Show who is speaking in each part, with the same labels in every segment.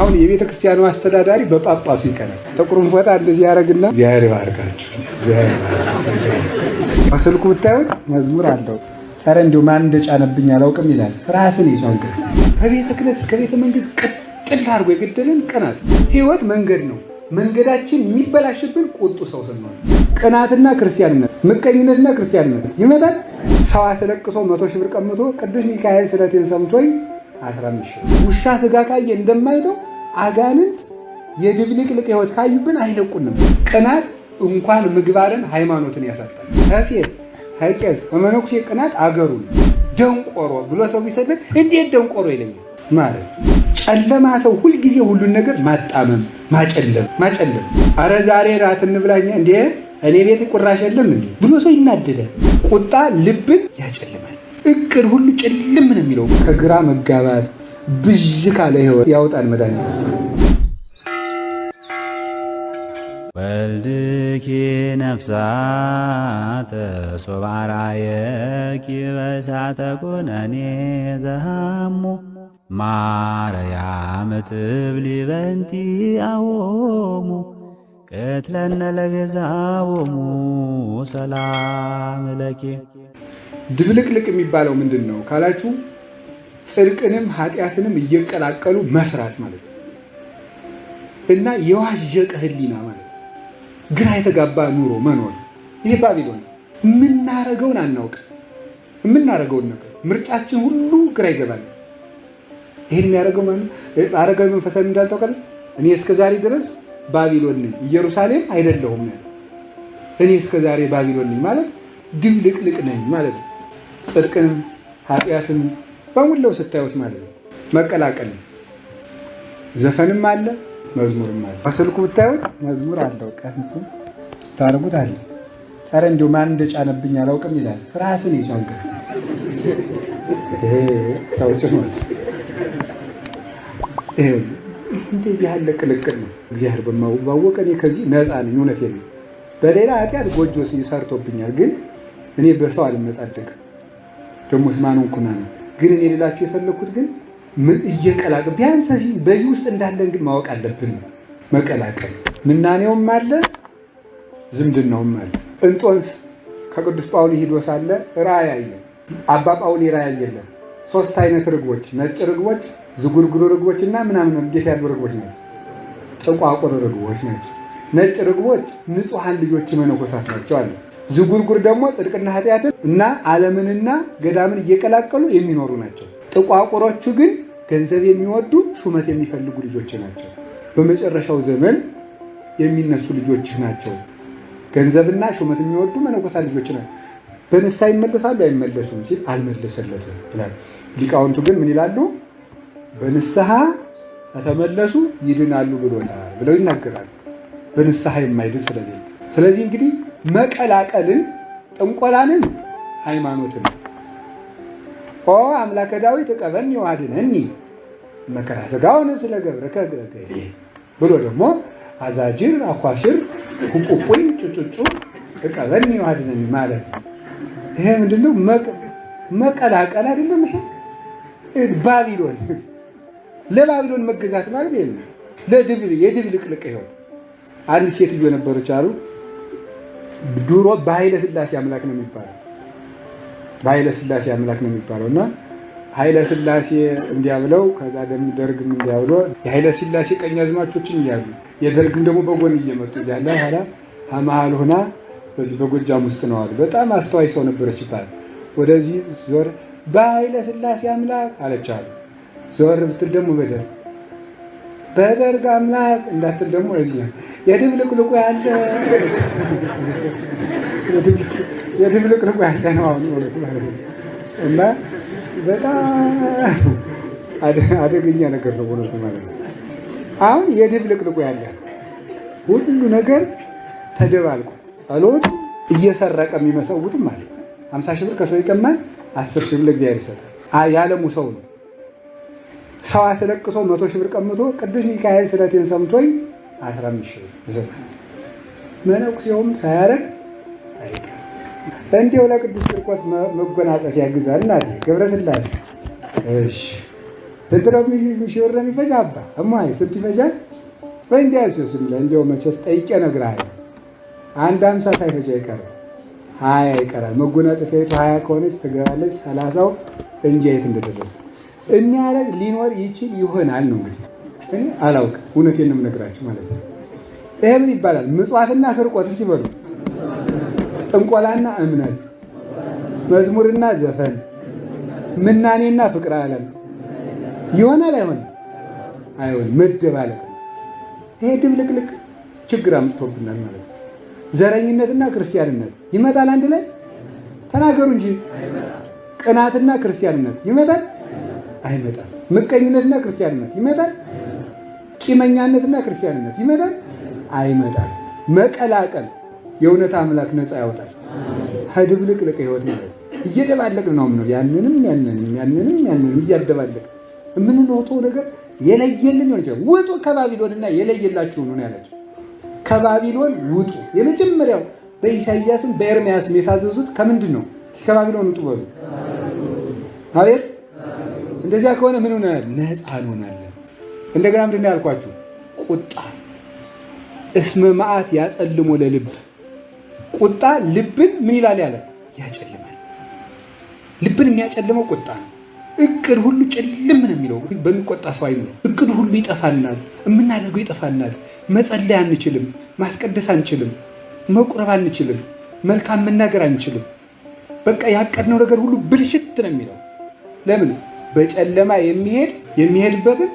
Speaker 1: አሁን የቤተ ክርስቲያኑ አስተዳዳሪ በጳጳሱ ይቀናል። ጥቁሩን ፎጣ እንደዚህ ያደረግና
Speaker 2: እግዚአብሔር ይባርካችሁ።
Speaker 1: ስልኩ ብታዩት መዝሙር አለው። ኧረ እንዲሁ ማን እንደጫነብኝ አላውቅም ይላል። ራስን ይሻገር ከቤተ ክህነት እስከ ቤተ መንግስት ቅጥል አድርጎ የገደለን ቅናት ህይወት መንገድ ነው። መንገዳችን የሚበላሽብን ቁጡ ሰው ስንሆን፣ ቅናትና ክርስቲያንነት፣ ምቀኝነትና ክርስቲያንነት ይመጣል። ሰው አስለቅሶ መቶ ሺህ ብር ቀምቶ ቅዱስ ሚካኤል ስለቴን ሰምቶኝ 15 ውሻ ስጋ ካየ እንደማይተው አጋንንት የድብልቅልቅ ህይወት ካዩብን አይለቁንም። ቅናት እንኳን ምግባርን ሃይማኖትን ያሳጣል። ከሴት ከቄስ ከመነኩሴ ቅናት አገሩን ደንቆሮ ብሎ ሰው ቢሰደግ እንዴት ደንቆሮ ይለኛል ማለት ጨለማ ሰው ሁልጊዜ ሁሉን ነገር ማጣመም፣ ማጨለም ማጨለም። አረ ዛሬ ራት እንብላኛ እንዴ እኔ ቤት ቁራሽ የለም እንዴ ብሎ ሰው ይናደዳል። ቁጣ ልብን ያጨልማል። እቅድ ሁሉ ጭልም ነው የሚለው። ከግራ መጋባት ብዥ ካለ ህይወት ያወጣል መድኃኒት። ወልድኪ ነፍሳተ ሶበ አርአየኪ በእሳተ ኵነኔ ዘሃሙ ማርያም ትብሊ በንቲ አዎሙ ቅትለነ ለቤዛዎሙ ሰላም ለኪ ድብልቅልቅ የሚባለው ምንድን ነው ካላችሁ ጽድቅንም ኃጢአትንም እየቀላቀሉ መስራት ማለት ነው እና የዋዠቀ ህሊና ማለት ግራ የተጋባ ኑሮ መኖር ይህ ባቢሎን የምናረገውን አናውቅ የምናረገውን ነገር ምርጫችን ሁሉ ግራ ይገባል ይህን የሚያደረገው አረጋዊ መንፈሳዊ እንዳልተውቀል እኔ እስከ ዛሬ ድረስ ባቢሎን ነኝ ኢየሩሳሌም አይደለሁም እኔ እስከ ዛሬ ባቢሎን ነኝ ማለት ድብልቅልቅ ነኝ ማለት ነው ጽድቅንም ኃጢአትን በሙለው ስታዩት ማለት ነው መቀላቀል ዘፈንም አለ መዝሙርም አለ። በስልኩ ብታዩት መዝሙር አለው ቀንኩ ስታደርጉት አለ። ኧረ እንዲሁ ማን እንደጫነብኝ አላውቅም ይላል። ራስን ይቻንገ ሰው ጭኖት እንደዚህ ያለ ቅልቅል ነው። እግዚአብሔር ባወቀ እኔ ከዚህ ነፃ ነኝ። እውነት ነው። በሌላ ኃጢአት ጎጆ ሰርቶብኛል፣ ግን እኔ በሰው አልመጻደቅም። ደግሞ ማን ኩና ነው ግን እኔ ልላችሁ የፈለግኩት ግን ምን እየቀላቀ ቢያንስ በዚህ ውስጥ እንዳለን ግን ማወቅ አለብን። መቀላቀል ምናኔውም አለ ዝምድናውም አለ። እንጦንስ ከቅዱስ ጳውሊ ሂዶ ሳለ ራእይ አየ። አባ ጳውሊ ራእይ አየለት። ሶስት አይነት ርግቦች፣ ነጭ ርግቦች፣ ዝጉርጉር ርግቦች እና ምናምን ጌታ ያሉ ርግቦች ናቸው። ጥቋቁር ርግቦች ናቸው። ነጭ ርግቦች ንጹሐን ልጆች መነኮሳት ናቸው አለ ዝጉርጉር ደግሞ ጽድቅና ኃጢአትን እና ዓለምንና ገዳምን እየቀላቀሉ የሚኖሩ ናቸው። ጥቋቁሮቹ ግን ገንዘብ የሚወዱ ሹመት የሚፈልጉ ልጆች ናቸው። በመጨረሻው ዘመን የሚነሱ ልጆች ናቸው። ገንዘብና ሹመት የሚወዱ መነኮሳት ልጆች ናቸው። በንስሐ ይመለሳሉ አይመለሱም ሲል አልመለሰለትም ይላል። ሊቃውንቱ ግን ምን ይላሉ? በንስሐ ከተመለሱ ይድናሉ ብሎታል ብለው ይናገራሉ። በንስሐ የማይድን ስለሌለ ስለዚህ እንግዲህ መቀላቀልን፣ ጥንቆላንን፣ ሃይማኖትን ኦ አምላከ ዳዊት እቀበን ይዋድነኒ መከራ ስጋውን ስለ ገብረከ ገሌ ብሎ ደግሞ አዛጅር አኳሽር ቁቁቁኝ ጩጩጩ እቀበን ይዋድነኒ ማለት ነው። ይሄ ምንድነው? መቀላቀል አይደለም። ይሄ ባቢሎን ለባቢሎን መገዛት ማለት የለም። ለድብል ቅልቅ ሕይወት አንድ ሴትዮ ነበረች አሉ ድሮ በኃይለ ስላሴ አምላክ ነው የሚባለው። በኃይለ ስላሴ አምላክ ነው የሚባለው እና ኃይለ ስላሴ እንዲያብለው ከዛ ደግሞ ደርግም እንዲያብሎ የኃይለ ሥላሴ ቀኛዝማቾችን እያሉ የደርግም ደግሞ በጎን እየመጡ እዚያ ኋላ መሀል ሆና በዚህ በጎጃም ውስጥ ነው አሉ። በጣም አስተዋይ ሰው ነበረች ይባል። ወደዚህ ዞር በኃይለ ስላሴ አምላክ አለቻሉ። ዞር ብትል ደግሞ በደርግ በደርግ አምላክ እንዳትል ደግሞ እዚህ የድብልቅልቁ ያለ የድብልቅልቁ ያለ ነው። አሁን ማለት ማለት ነው እና በጣም አደገኛ ነገር ነው ማለት ነው። አሁን የድብልቅልቁ ያለ ሁሉ ነገር ተደባልቁ ጸሎት እየሰረቀ የሚመሰውትም አለ። ሀምሳ ሺህ ብር ከሰው ይቀማል፣ አስር ሺህ ብር ለእግዚአብሔር ይሰጣል። የዓለሙ ሰው ነው ሰው አስለቅሶ መቶ ሺህ ብር ቀምቶ ቅዱስ ሚካኤል ስለቴን ሰምቶኝ አስራ አምስት ሺህ መነኩሴውም ሳያረግ እንዲው ለቅዱስ ቂርቆስ መጎናጸፍ ያግዛል። ና ገብረ ስላሴ እሺ ስንት ነው ሺህ ብር የሚፈጅ አባ እማዬ ስንት ይፈጃል? ወይ እንዲው መቼስ ጠይቄ እነግርሃለሁ። አንድ አምሳ ሳይፈጃ ይቀር ሀያ ይቀራል። መጎናጸፊያዊቱ ሀያ ከሆነች ትገባለች። ሰላሳው እንጂ የት እንደደረሰ የሚያደርግ ሊኖር ይችል ይሆናል ነው እንግዲህ እኔ አላውቅ፣ እውነቴን ነው የምነግራችሁ ማለት ነው። ይሄ ምን ይባላል? ምጽዋትና ስርቆት እስኪ በሉ፣ ጥንቆላና እምነት፣ መዝሙርና ዘፈን፣ ምናኔና ፍቅር አለም ይሆናል። አይሆን አይሆንም። መደባለቅ ይሄ ድብልቅልቅ ችግር አምጥቶብናል ማለት ነው። ዘረኝነትና ክርስቲያንነት ይመጣል አንድ ላይ ተናገሩ እንጂ ቅናትና ክርስቲያንነት ይመጣል። አይመጣም። ምቀኝነትና ክርስቲያንነት ይመጣል። ቂመኛነትና ክርስቲያንነት ይመጣል። አይመጣም። መቀላቀል የእውነት አምላክ ነፃ ያወጣል። ከድብልቅልቅ ህይወት ማለት እየደባለቅ ነው ምኖር ያንንም ያንንም ያንንም ያንንም እያደባለቅ የምንወጣው ነገር የለየልን ሆን ይችላል። ውጡ ከባቢሎንና የለየላችሁ ነው ያላቸው። ከባቢሎን ውጡ የመጀመሪያው በኢሳይያስም በኤርሚያስም የታዘዙት ከምንድን ነው? ከባቢሎን ውጡ በሉ አቤት እንደዚያ ከሆነ ምን ሆናል? ነፃ እንሆናለን። እንደገና ምንድን ያልኳችሁ ቁጣ እስመ መዓት ያጸልሞ ለልብ ቁጣ ልብን ምን ይላል ያለ ያጨልማል። ልብን የሚያጨልመው ቁጣ ነው። እቅድ ሁሉ ጭልም ነው የሚለው በሚቆጣ ሰው አይኖር። እቅድ ሁሉ ይጠፋልናል የምናደርገው ይጠፋልናል መጸለይ አንችልም፣ ማስቀደስ አንችልም፣ መቁረብ አንችልም፣ መልካም መናገር አንችልም። በቃ ያቀድነው ነገር ሁሉ ብልሽት ነው የሚለው ለምን በጨለማ የሚሄድ የሚሄድበትን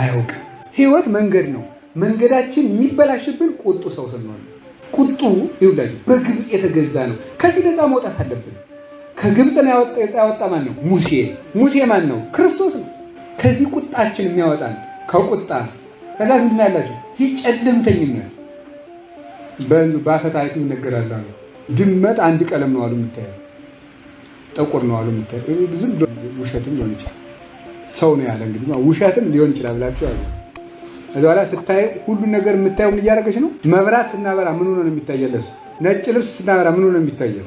Speaker 1: አያውቅም። ህይወት መንገድ ነው። መንገዳችን የሚበላሽብን ቁጡ ሰው ስንሆን፣ ቁጡ ይውላጅ በግብፅ የተገዛ ነው። ከዚህ ነፃ መውጣት አለብን። ከግብፅ ያወጣ ማን ነው? ሙሴ። ሙሴ ማን ነው? ክርስቶስ ነው። ከዚህ ቁጣችን የሚያወጣን ከቁጣ ከዛ ምንድን ያላቸው ይህ ጨለምተኝነት በአፈ ታሪክ ይነገራል አሉ። ድመት አንድ ቀለም ነው አሉ የምታየው፣ ጥቁር ነው አሉ የምታየው። ብዙም ውሸትም ሊሆን ይችላል። ሰው ነው ያለ። እንግዲህ ውሸትም ሊሆን ይችላል ብላችሁ አሉ። እዚ በኋላ ስታይ ሁሉን ነገር የምታየውን እያደረገች ነው። መብራት ስናበራ ምን ሆነ ነው የሚታየለሱ? ነጭ ልብስ ስናበራ ምን ሆነ ነው የሚታየው?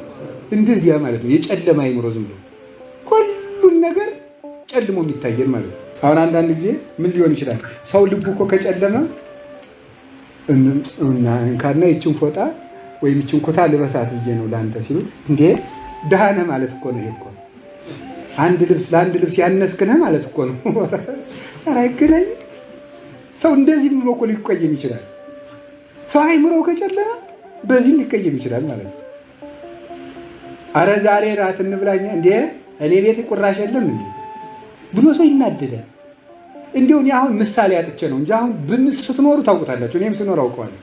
Speaker 1: እንደዚያ ማለት ነው። የጨለማ አይምሮ ዝም ብሎ ሁሉን ነገር ጨልሞ የሚታየን ማለት ነው። አሁን አንዳንድ ጊዜ ምን ሊሆን ይችላል ሰው ልቡ እኮ ከጨለመ እንካና ይችን ፎጣ ወይም ይችን ልበሳት ብዬ ነው ለአንተ ሲሉት እንዴ ደህና ማለት እኮ ነው ይሄ እኮ አንድ ልብስ ለአንድ ልብስ ያነስክነህ ማለት እኮ ነው። አይገናኝ ሰው እንደዚህ ብሎ እኮ ሊቀየም ይችላል። ሰው አይምሮው ከጨለመ በዚህም ሊቀየም ይችላል ማለት ነው። አረ ዛሬ ራት እንብላኛ እንዴ እኔ ቤት ቁራሽ የለም እ ብሎ ሰው ይናደዳል። እንዲሁ አሁን ምሳሌ አጥቼ ነው እንጂ አሁን ስትኖሩ ታውቁታላችሁ። እኔም ስኖር አውቀዋለሁ።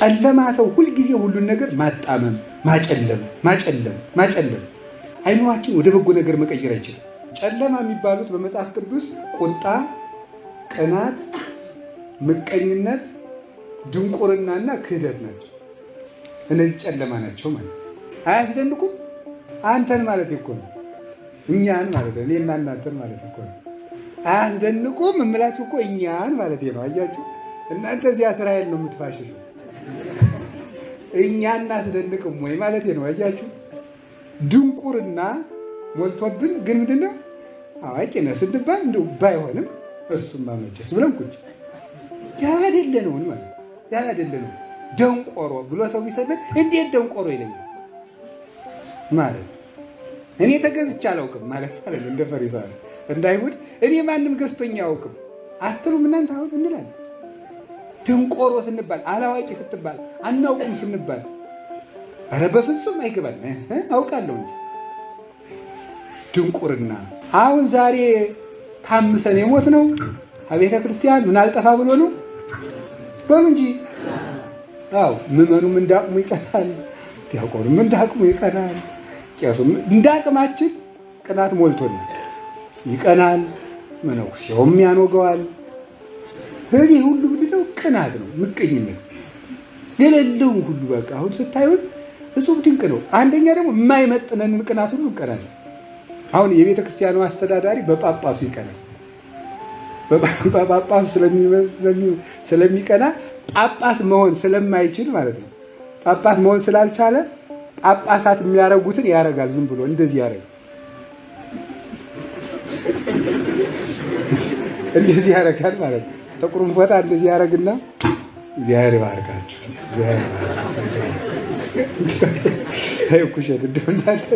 Speaker 1: ጨለማ ሰው ሁልጊዜ ሁሉን ነገር ማጣመም፣ ማጨለም፣ ማጨለም፣ ማጨለም አይምሯችን ወደ በጎ ነገር መቀየር አይችልም። ጨለማ የሚባሉት በመጽሐፍ ቅዱስ ቁጣ፣ ቅናት፣ ምቀኝነት፣ ድንቁርናና ክህደት ናቸው። እነዚህ ጨለማ ናቸው ማለት አያስደንቁም? አንተን ማለት እኮ ነው እኛን ማለት ነው። እኔና እናንተን ማለት እኮ ነው። አያስደንቁም እምላችሁ እኮ እኛን ማለት ነው። አያችሁ እናንተ እዚያ እስራኤል ነው የምትፋሽሹ፣ እኛ እናስደንቅም ወይ ማለት ነው። አያችሁ ድንቁርና ሞልቶብን ግን ምንድነው አዋቂ ነህ ስንባል እንዲሁ ባይሆንም እሱም መቼስ ብለን ቁጭ ያላደለ ነውን ማለት ያላደለ ነው። ደንቆሮ ብሎ ሰው ቢሰለን እንዴት ደንቆሮ ይለኛል ማለት እኔ ተገዝቼ አላውቅም ማለት አለ እንደ ፈሪሳ እንዳይሁድ እኔ ማንም ገዝቶኝ አያውቅም አትሉም እናንተ አሁን እንላለን። ደንቆሮ ስንባል አላዋቂ ስትባል አናውቅም ስንባል ኧረ በፍጹም አይገባል አውቃለሁ እንጂ ድንቁርና። አሁን ዛሬ ታምሰን የሞት ነው አቤተ ክርስቲያን ምን አልጠፋ ብሎ ነው በሉ እንጂ። ው ምዕመኑም እንዳቅሙ ይቀራል፣ ዲያቆኑም እንዳቅሙ ይቀራል፣ ቄሱም እንዳቅማችን ቅናት ሞልቶናል ይቀናል። መነኩሴውም ያኖገዋል። እዚህ ሁሉ ምንድነው? ቅናት ነው፣ ምቀኝነት የሌለውን ሁሉ በቃ አሁን ስታዩት እጹብ ድንቅ ነው። አንደኛ ደግሞ የማይመጥነን ቅናት ሁሉ እንቀናለን። አሁን የቤተ ክርስቲያኑ አስተዳዳሪ በጳጳሱ ይቀናል። በጳጳሱ ስለሚቀና ጳጳስ መሆን ስለማይችል ማለት ነው። ጳጳስ መሆን ስላልቻለ ጳጳሳት የሚያረጉትን ያረጋል። ዝም ብሎ እንደዚህ ያረግ እንደዚህ ያረጋል ማለት ነው። ጥቁሩን ቦታ እንደዚህ ያረግና እግዚአብሔር ይባርካችሁ። ኩሸት እንደው እናንተ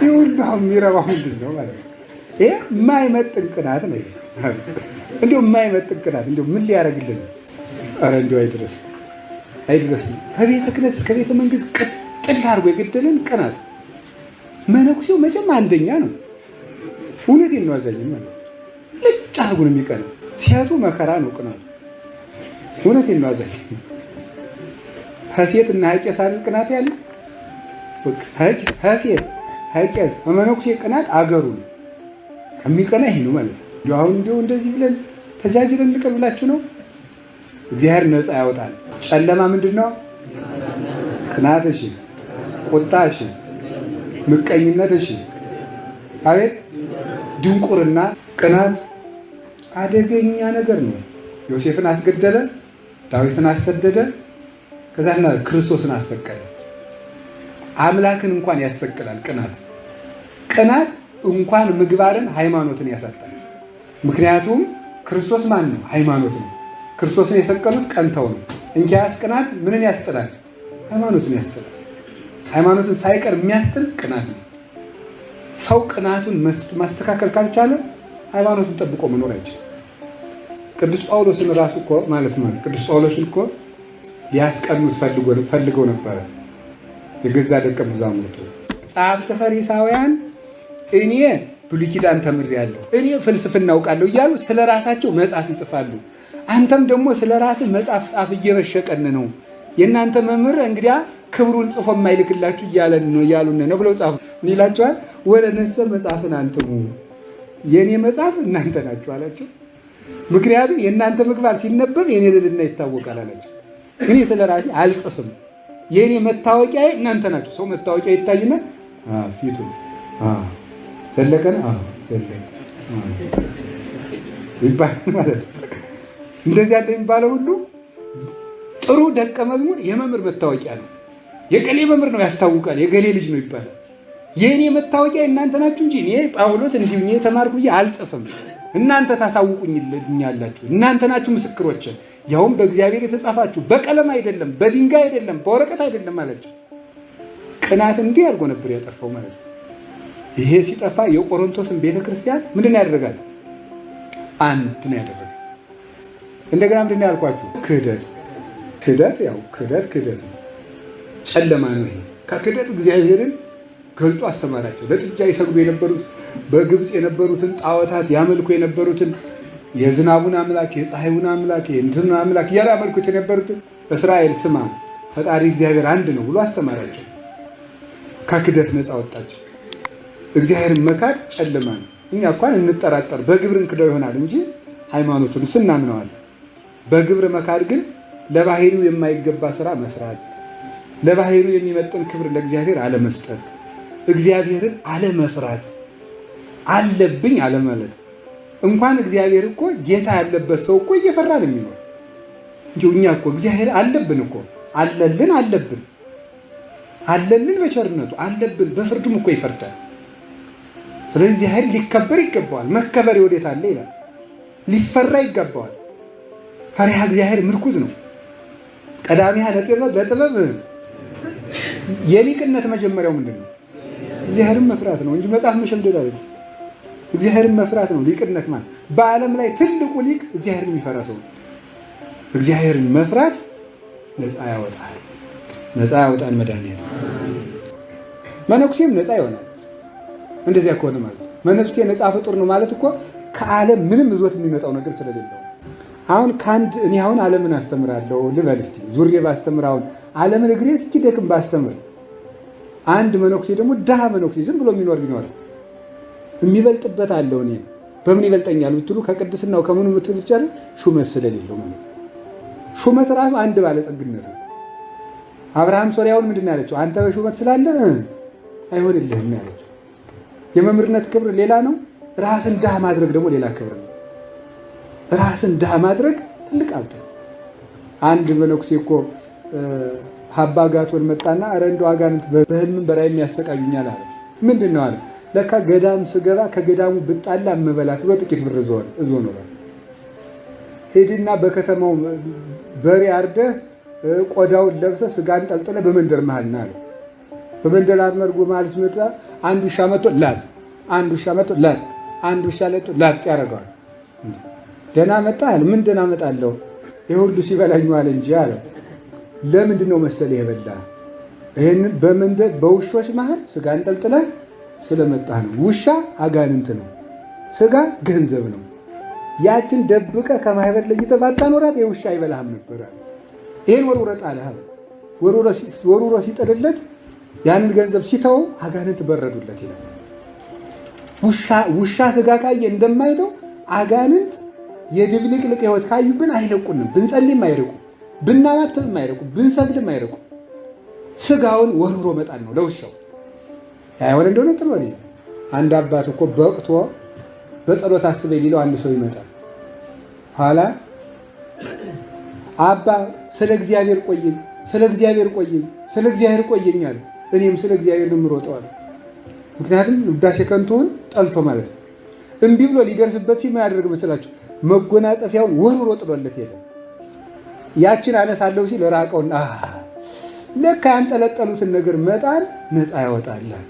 Speaker 1: ይህ ሁሉ አሁን የሚረባው ምንድን ነው ማለት ነው? ይሄ የማይመጥን ቅናት ነው። እንዲሁ የማይመጥን ቅናት እንዲሁ ምን ሊያደርግልን ነው? ኧረ እንዲሁ አይድረስ አይድረስ። ከቤተ ክህነት እስከ ቤተ መንግስት ቅጥል አድርጎ የገደለን ቅናት መነኩሴው መቼም አንደኛ ነው። እውነት ነው። አዛኝም ማለት ልጭ አድርጎ ነው የሚቀናው። ሲያጡ መከራ ነው ቅናቱ። እውነቴን ነው አዛኝ ሀሴት እና አይደል ቅናት ያለ ሀሴት ሀቄስ በመነኩሴ ቅናት አገሩ ነው የሚቀና ይህ ነው ማለት ነው። አሁን እንዲሁ እንደዚህ ብለን ተጃጅለን እንቀር ነው። እግዚአብሔር ነፃ ያወጣል። ጨለማ ምንድን ነው? ቅናትሽን፣ ቁጣሽን፣ ምቀኝነትሽን አቤት ድንቁርና። ቅናት አደገኛ ነገር ነው። ዮሴፍን አስገደለ፣ ዳዊትን አሰደደ። ከዛ ክርስቶስን አሰቀለ። አምላክን እንኳን ያሰቅላል ቅናት። ቅናት እንኳን ምግባርን ሃይማኖትን ያሳጣል። ምክንያቱም ክርስቶስ ማን ነው? ሃይማኖት ነው። ክርስቶስን የሰቀሉት ቀንተው ነው። እንኪያስ ቅናት ምንን ያስጥላል? ሃይማኖትን ያስጥላል። ሃይማኖትን ሳይቀር የሚያስጥል ቅናት ነው። ሰው ቅናቱን ማስተካከል ካልቻለ ሃይማኖቱን ጠብቆ መኖር አይችልም። ቅዱስ ጳውሎስን ራሱ እኮ ማለት ነው ቅዱስ ጳውሎስን እኮ ሊያስቀኑት ፈልገው ነበረ። የገዛ ደቀ መዛሙርቱ ጸሐፍተ ፈሪሳውያን እኔ ብሉይ ኪዳን ተምሬያለሁ፣ እኔ ፍልስፍና አውቃለሁ እያሉ ስለ ራሳቸው መጽሐፍ ይጽፋሉ። አንተም ደግሞ ስለ ራስህ መጽሐፍ ጻፍ፣ እየበሸቀን ነው የእናንተ መምህር እንግዲያ ክብሩን ጽፎ የማይልክላችሁ እያለን ነው እያሉን ነው ብለው ጻፉ። ምን ይላቸዋል? ወለነሰ መጽሐፍን አንትሙ፣ የእኔ መጽሐፍ እናንተ ናችሁ አላቸው። ምክንያቱም የእናንተ ምግባር ሲነበብ የእኔ ልልና ይታወቃል አላቸው። እኔ ስለ ራሴ አልጽፍም። የእኔ መታወቂያ እናንተ ናቸው። ሰው መታወቂያ ይታይና ፊቱ ዘለቀን ይባላል ማለት ሁሉ ጥሩ ደቀ መዝሙር የመምህር መታወቂያ ነው። የቀሌ መምህር ነው ያስታውቃል፣ የገሌ ልጅ ነው ይባላል። የእኔ መታወቂያ እናንተ ናችሁ እንጂ እኔ ጳውሎስ እንዲሁ እኔ ተማርኩ ብዬ አልጽፍም። እናንተ ታሳውቁኝ እናንተ ናችሁ ምስክሮችን ያውም በእግዚአብሔር የተጻፋችሁ በቀለም አይደለም፣ በድንጋይ አይደለም፣ በወረቀት አይደለም አላቸው። ቅናት እንዲህ አድርጎ ነበር ያጠፋው ማለት ነው። ይሄ ሲጠፋ የቆሮንቶስን ቤተክርስቲያን ምንድን ነው ያደርጋል? አንድ ነው ያደረገ። እንደገና ምንድን ያልኳችሁ? ክህደት ክህደት፣ ያው ክህደት ክህደት ነው፣ ጨለማ ነው። ይሄ ከክህደት እግዚአብሔርን ገልጦ አስተማራቸው። ለጥጃ ይሰግዱ የነበሩት በግብፅ የነበሩትን ጣዖታት ያመልኩ የነበሩትን የዝናቡን አምላክ የፀሐዩን አምላክ የእንትኑን አምላክ እያለ አመልኩት የነበሩትን እስራኤል ስማ ፈጣሪ እግዚአብሔር አንድ ነው ብሎ አስተማራቸው። ከክደት ነፃ ወጣቸው። እግዚአብሔርን መካድ ጨለማ ነው። እኛ እንኳን እንጠራጠር በግብር እንክደው ይሆናል እንጂ ሃይማኖቱን ስናምነዋል። በግብር መካድ ግን ለባህሪው የማይገባ ስራ መስራት፣ ለባህሪው የሚመጥን ክብር ለእግዚአብሔር አለመስጠት፣ እግዚአብሔርን አለመፍራት አለብኝ አለማለት እንኳን እግዚአብሔር እኮ ጌታ ያለበት ሰው እኮ እየፈራ ነው የሚኖር። እንዲሁ እኛ እኮ እግዚአብሔር አለብን እኮ አለልን አለብን አለልን በቸርነቱ አለብን፣ በፍርዱም እኮ ይፈርዳል። ስለዚህ እግዚአብሔር ሊከበር ይገባዋል። መከበር ወዴት አለ ይላል። ሊፈራ ይገባዋል። ፈሪሃ እግዚአብሔር ምርኩዝ ነው። ቀዳሚያ ለጥበብ የሊቅነት መጀመሪያው ምንድን ነው? እግዚአብሔርን መፍራት ነው እንጂ መጽሐፍ መሸምደድ አይደለም። እግዚአብሔርን መፍራት ነው ሊቅነት ማለት። በዓለም ላይ ትልቁ ሊቅ እግዚአብሔር የሚፈራ ሰው ነው። እግዚአብሔርን መፍራት ነፃ ያወጣል። ነፃ ያወጣል መድኃኒዓለም። መነኩሴም ነፃ ይሆናል። እንደዚያ ከሆነ ማለት መነኩሴ ነፃ ፍጡር ነው ማለት እኮ ከዓለም ምንም እዞት የሚመጣው ነገር ስለሌለው አሁን ከአንድ እኔ አሁን ዓለምን አስተምራለሁ ልበል እስኪ ዙሬ ባስተምር አሁን ዓለምን እግሬ እስኪ ደክም ባስተምር አንድ መነኩሴ ደግሞ ድሃ መነኩሴ ዝም ብሎ የሚኖር ቢኖር የሚበልጥበት አለው። እኔ በምን ይበልጠኛል ብትሉ ከቅድስናው ከምኑ ብትሉ ይቻላል ሹመት ስለሌለው ማለት ሹመት ራሱ አንድ ባለጸግነት ነው። አብርሃም ሶሪያውን ምንድን ያለችው? አንተ በሹመት ስላለ አይሆንልህም ያለችው። የመምህርነት ክብር ሌላ ነው። ራስን ድሃ ማድረግ ደግሞ ሌላ ክብር ነው። ራስን ድሃ ማድረግ ትልቅ አብተ አንድ መነኩሴ እኮ ሀባ ጋቶን መጣና ረንዶ እንደው አጋንንት በህልም የሚያሰቃዩኛል አለ። ምንድን ነው አለ ለካ ገዳም ስገባ ከገዳሙ ብጣላ የምበላት ብሎ ጥቂት ብር እዞ ነው። ሄድና በከተማው በሬ አርደህ ቆዳውን ለብሰ ስጋ አንጠልጥለህ በመንደር መሃል ና በመንደር አመርጎ መሃል ስመጣ አንድ ውሻ መጥቶ አንዱ አንድ ውሻ መጥቶ ላት፣ አንድ ውሻ ለጥ ላጥ ያደርገዋል። ደህና መጣህ? ምን ደህና መጣለሁ ይህ ሁሉ ሲበላኝዋል እንጂ አለ። ለምንድን ነው መሰለ የበላህ? ይህን በመንደር በውሾች መሃል ስጋ አንጠልጥለህ ስለመጣህ ነው። ውሻ አጋንንት ነው፣ ስጋ ገንዘብ ነው። ያችን ደብቀ ከማህበር ለይተህ ባታኖራት የውሻ አይበላህም ነበረ። ይህን ወርውረ አለ። ወርውሮ ሲጥልለት ያንን ገንዘብ ሲተው አጋንንት በረዱለት ይላል። ውሻ ስጋ ካየ እንደማይተው አጋንንት የድብልቅልቅ ህይወት ካዩብን አይለቁንም። ብንጸልይም አይርቁ፣ ብናባትብም አይርቁ፣ ብንሰግድም አይርቁ። ስጋውን ወርውሮ መጣል ነው ለውሻው። አይሆን እንደሆነ ጥሎ አንድ አባት እኮ በወቅቶ በጸሎት አስበኝ ሊለው አንድ ሰው ይመጣል። ኋላ አባ ስለ እግዚአብሔር ቆይኝ፣ ስለ እግዚአብሔር ቆይኝ፣ ስለ እግዚአብሔር ቆይኝ ስለ እግዚአብሔር ቆይኝ አለ እኔም ስለ እግዚአብሔር ነው የምሮጠዋል። ምክንያቱም ውዳሴ ከንቱን ጠልቶ ማለት ነው። እምቢ ብሎ ሊደርስበት ሲል ምን ያደርግ መስላችሁ? መጎናጸፊያውን ወርውሮ ጥሎለት የለ። ያችን አነሳለሁ ሲል ራቀውን። ለካ ያንጠለጠሉትን ነገር መጣል ነፃ ያወጣላል።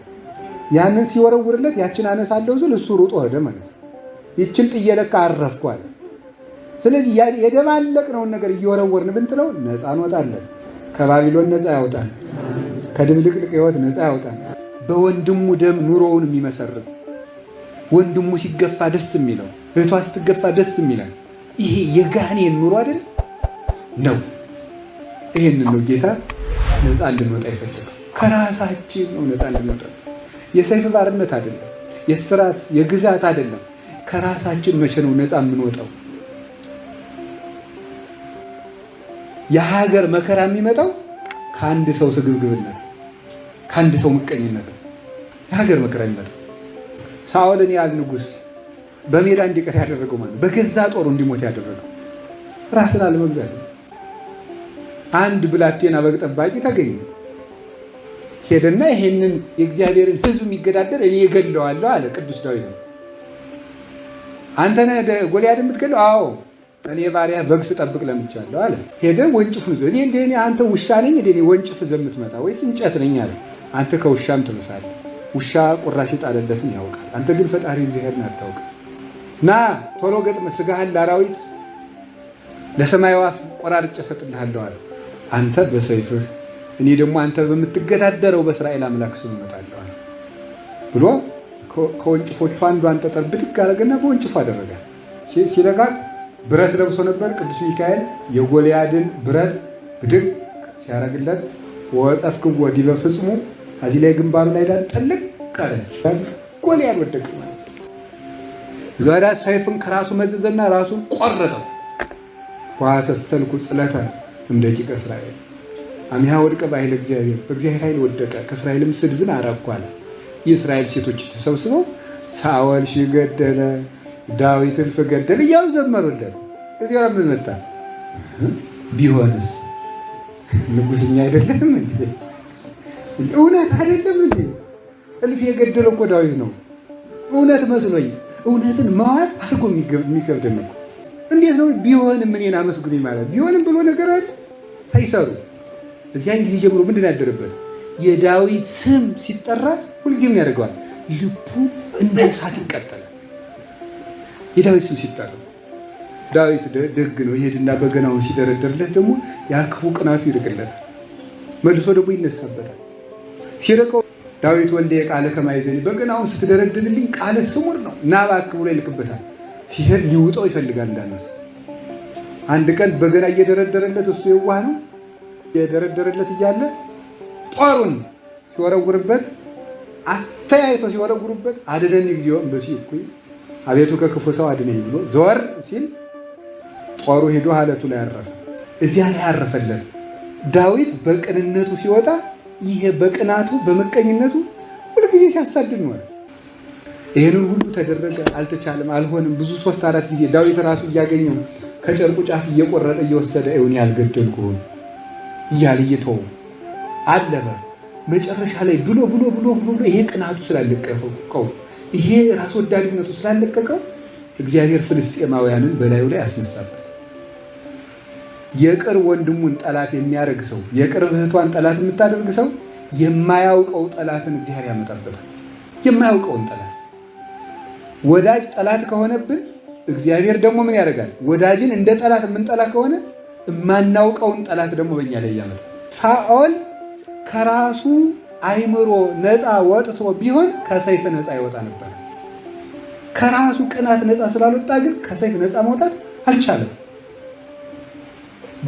Speaker 1: ያንን ሲወረውርለት ያችን አነሳለሁ ስል እሱ ሩጦ ሄደ ማለት ነው። ይችን ጥየለካ አረፍኳል። ስለዚህ የደባለቅነውን ነገር እየወረወርን ብንጥለው ነፃ እንወጣለን። ከባቢሎን ነፃ ያወጣል። ከድብልቅልቅ ህይወት ነፃ ያወጣል። በወንድሙ ደም ኑሮውን የሚመሰርት ወንድሙ ሲገፋ ደስ የሚለው እህቷ ስትገፋ ደስ የሚላል ይሄ የጋኔን ኑሮ አይደል ነው። ይህንን ነው ጌታ ነፃ እንድንወጣ ይፈልጋል። ከራሳችን ነው ነፃ እንድንወጣ የሰይፍ ባርነት አይደለም፣ የስራት የግዛት አይደለም። ከራሳችን መቼ ነው ነፃ የምንወጣው? የሀገር መከራ የሚመጣው ከአንድ ሰው ስግብግብነት፣ ከአንድ ሰው ምቀኝነት ነው የሀገር መከራ የሚመጣው። ሳኦልን ያህል ንጉስ በሜዳ እንዲቀር ያደረገው ማለት በገዛ ጦሩ እንዲሞት ያደረገው ራስን አለመግዛት። አንድ ብላቴና በግ ጠባቂ ተገኘ። ሄደና ይሄንን የእግዚአብሔርን ሕዝብ የሚገዳደር እኔ እገድለዋለሁ አለ ቅዱስ ዳዊት ነው። አንተ ነህ ጎልያድ የምትገድለው? አዎ እኔ ባሪያ በግ ስጠብቅ ለምቻለሁ አለ። ሄደ ወንጭፉን ይዞ እኔ እንደ አንተ ውሻ ነኝ እንደ ወንጭፍ ዘምትመጣ ወይስ እንጨት ነኝ አለ። አንተ ከውሻም ትበሳለህ። ውሻ ቁራሽ ጣለለትን ያውቃል። አንተ ግን ፈጣሪ እግዚአብሔርን አታውቅ። ና ቶሎ ገጥመ ስጋህን ለአራዊት ለሰማይ ዋፍ ቆራርጬ እሰጥልሃለሁ አለ። አንተ በሰይፍህ እኔ ደግሞ አንተ በምትገዳደረው በእስራኤል አምላክ ስም እመጣለሁ ብሎ ከወንጭፎቹ አንዷን ጠጠር ብድግ አደረገና በወንጭፉ አደረጋል። ሲለጋ ብረት ለብሶ ነበር። ቅዱስ ሚካኤል የጎልያድን ብረት ብድግ ሲያደርግለት ወጸፍክዎ ዲበ ፍጽሙ እዚህ ላይ ግንባሩ ላይ ዳን ጥልቅ ቀረ። ጎልያድ ወደቀ ማለት ነው። ሰይፍን ከራሱ መዘዘና ራሱን ቆረጠው። ዋሰሰልኩ ጽለተ እምደቂቀ እስራኤል አሚሃ ወድቀ በኃይለ እግዚአብሔር በእግዚአብሔር ኃይል ወደቀ ከእስራኤልም ስድብን አራኳለ። የእስራኤል ሴቶች ተሰብስበው ሳወል ሺህ ገደለ ዳዊትን ፍገደል እያሉ ዘመሩለት። እዚያ ምን መጣ ቢሆንስ ንጉሥኛ አይደለም እውነት አይደለም እንዴ? እልፍ የገደለ እኮ ዳዊት ነው። እውነት መስሎኝ እውነትን መዋል አድርጎ የሚከብድ ነው። እንዴት ነው ቢሆንም እኔን አመስግኑኝ ማለት? ቢሆንም ብሎ ነገር አለ ሳይሰሩ እዚያን ጊዜ ጀምሮ ምንድን ያደረበት የዳዊት ስም ሲጠራ ሁልጊዜ ምን ያደርገዋል? ልቡ እንደ እሳት ይቀጠላል። የዳዊት ስም ሲጠራ ዳዊት ደግ ነው። ይሄድና በገናውን ሲደረደርለት ደግሞ ያክፉ ቅናቱ ይርቅለታል። መልሶ ደግሞ ይነሳበታል። ሲርቀው ዳዊት ወልደ የቃለ ከማይዘኒ በገናውን ስትደረድርልኝ ቃለ ስሙር ነው እና እባክህ ብሎ ይልቅበታል። ሲሄድ ሊውጠው ይፈልጋል እንዳነሳ አንድ ቀን በገና እየደረደረለት እሱ የዋህ ነው የደረደረለት እያለ ጦሩን ሲወረውርበት አተያይቶ ሲወረውርበት አድነኝ እግዚኦ እኩይ አቤቱ ከክፉ ሰው አድነኝ ብሎ ዞር ሲል ጦሩ ሄዶ ሀለቱ ላይ ያረፈ። እዚያ ላይ ያረፈለት ዳዊት በቅንነቱ ሲወጣ ይሄ በቅናቱ በመቀኝነቱ ሁልጊዜ ሲያሳድን ኖረ። ይህንን ሁሉ ተደረገ፣ አልተቻለም፣ አልሆንም። ብዙ ሶስት አራት ጊዜ ዳዊት ራሱ እያገኘው ከጨርቁ ጫፍ እየቆረጠ እየወሰደ እውን ያልገደልኩህም እያለ እየተወው አለመ። መጨረሻ ላይ ብሎ ብሎ ብሎ ብሎ ይሄ ቅናቱ ስላለቀቀው ይሄ ራስ ወዳድነቱ ስላለቀቀው እግዚአብሔር ፍልስጤማውያንን በላዩ ላይ አስነሳበት። የቅርብ ወንድሙን ጠላት የሚያደርግ ሰው፣ የቅርብ እህቷን ጠላት የምታደርግ ሰው የማያውቀው ጠላትን እግዚአብሔር ያመጣበታል። የማያውቀውን ጠላት ወዳጅ ጠላት ከሆነብን እግዚአብሔር ደግሞ ምን ያደርጋል? ወዳጅን እንደ ጠላት የምንጠላ ከሆነ የማናውቀውን ጠላት ደግሞ በእኛ ላይ እያመጣ ሳኦል ከራሱ አይምሮ ነፃ ወጥቶ ቢሆን ከሰይፍ ነፃ ይወጣ ነበር። ከራሱ ቅናት ነፃ ስላልወጣ ግን ከሰይፍ ነፃ መውጣት አልቻለም።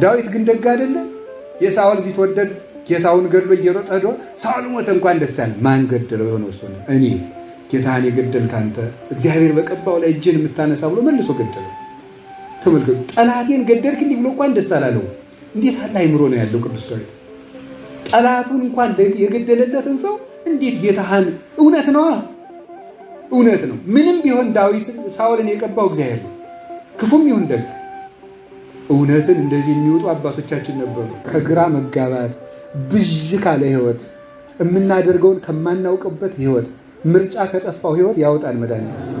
Speaker 1: ዳዊት ግን ደግ አይደለ? የሳኦል ቢትወደድ ጌታውን ገድሎ እየሮጠ ሄዶ ሳኦል ሞተ እንኳን ደስ ያለ ማን ገደለው? የሆነ እሱ እኔ ጌታን የገደልክ አንተ እግዚአብሔር በቀባው ላይ እጅን የምታነሳ ብሎ መልሶ ገደለው። ተመልከቱ። ጠላቴን ገደልክ እንዲህ ብሎ እንኳን ደስ አላለው። እንዴት አለ አይምሮ ነው ያለው ቅዱስ ዳዊት። ጠላቱን እንኳን የገደለለትን ሰው እንዴት ጌታህን! እውነት ነዋ፣ እውነት ነው። ምንም ቢሆን ዳዊትን ሳውልን የቀባው እግዚአብሔር ነው፣ ክፉም ይሁን ደግ። እውነትን እንደዚህ የሚወጡ አባቶቻችን ነበሩ። ከግራ መጋባት ብዥ ካለ ህይወት የምናደርገውን ከማናውቅበት ህይወት ምርጫ ከጠፋው ህይወት ያወጣል መድኃኒዓለም።